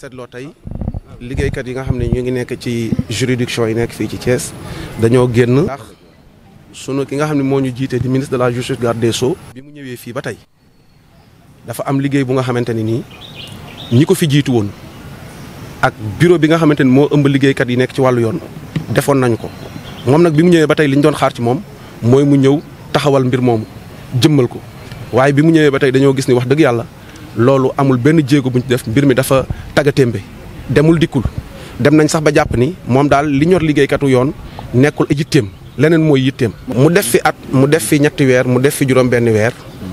seetloo tey liggéeykat yi nga xam ne ñu ngi nekk ci juridiction yi nekk fii ci cees dañoo génn. ndax sunu ki nga xam ne moo ñu jiitee di ministre de la justice garde des so bi mu ñëwee fii ba tey dafa am liggéey bu nga xamante ne nii ñi ko fi jiitu woon ak bureau bi nga xamante ni moo ëmb liggéeykat yi nekk ci wàllu yoon. defoon nañu ko moom nag bi mu ñëwee ba tey li ñu doon xaar ci moom mooy mu ñëw taxawal mbir moomu jëmmal ko waaye bi mu ñëwee ba tey dañoo gis ni wax dëgg yàlla loolu amul benn jéego bu def mbir mi dafa. bi demul dikkul dem nañ sax ba jàpp ni moom daal li ñor liggéeykatu yoon nekkul yitteem leneen mooy yitteem. mu def fi at mu def fi ñetti weer mu def fi juróom benn weer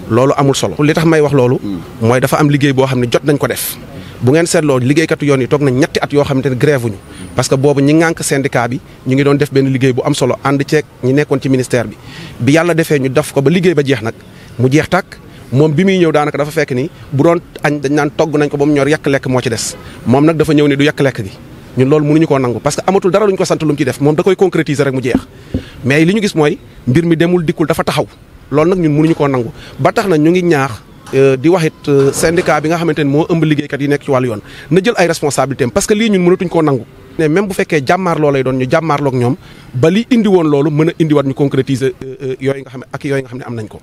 loolu amul solo. li tax may wax loolu. mooy dafa am liggéey boo xam ne jot nañ ko def. bu ngeen seetloo liggéeykatu yoon yi toog nañ ñetti at yoo xamante ne grève wuñu parce que boobu ñi ngànk syndicat bi ñu ngi doon def benn liggéey bu am solo ànd ceeg ñi nekkoon ci ministère bi. bi yàlla defee ñu def ko ba liggéey ba jeex nag mu jeex tàkk moom bi muy ñëw daanaka dafa fekk ni bu doon añ dañ naan togg nañ ko ba mu ñor yàq lekk moo ci des moom nag dafa ñëw ni du yàq lekk gi ñun loolu mënuñu koo nangu parce que amatul dara lu ñu ko sant lu mu ci def moom da koy concrétiser rek mu jeex mais li ñu gis mooy mbir mi demul dikkul dafa taxaw loolu nag ñun mënuñu koo nangu ba tax na ñu ngi ñaax euh, di wax it euh, syndicat bi nga xamante ni moo ëmb liggéeykat yi nekk ci wàllu yoon na jël ay responsabilité que lii ñun mënatuñ koo nangu ne même bu fekkee jàmmaarloo lay ñoom ba li loolu mën a indiwaat ñu concrétiser euh, yooyu nga xam ne ak yooyu nga xam ne am nañ ko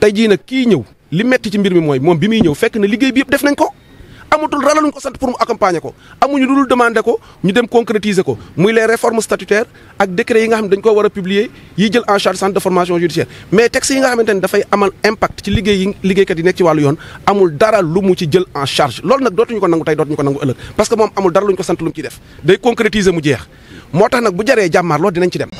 tey jii nag kii ñëw li metti ci mbir mi mooy moom bi muy ñëw fekk na liggéey bi yëpp def nañ ko amutul ralaluñ ko ko amuñu lu dul ko ñu dem ko muy les réformes statutaires ak décret yi nga xam ne ko war a publier yi jël en charge centre de mais texte yi nga ne dafay amal impact ci liggéey yi yi nekk ci wàllu yoon amul dara lu mu ci jël en charge loolu nag dootuñu ko nangu tey dootuñu ko nangu ëllëg parce que moom amul dara lu ñu ko sant lu mu ciy def day concrétiser mu jeex moo tax nag bu jaree jàmmaarloo dinañ ci dem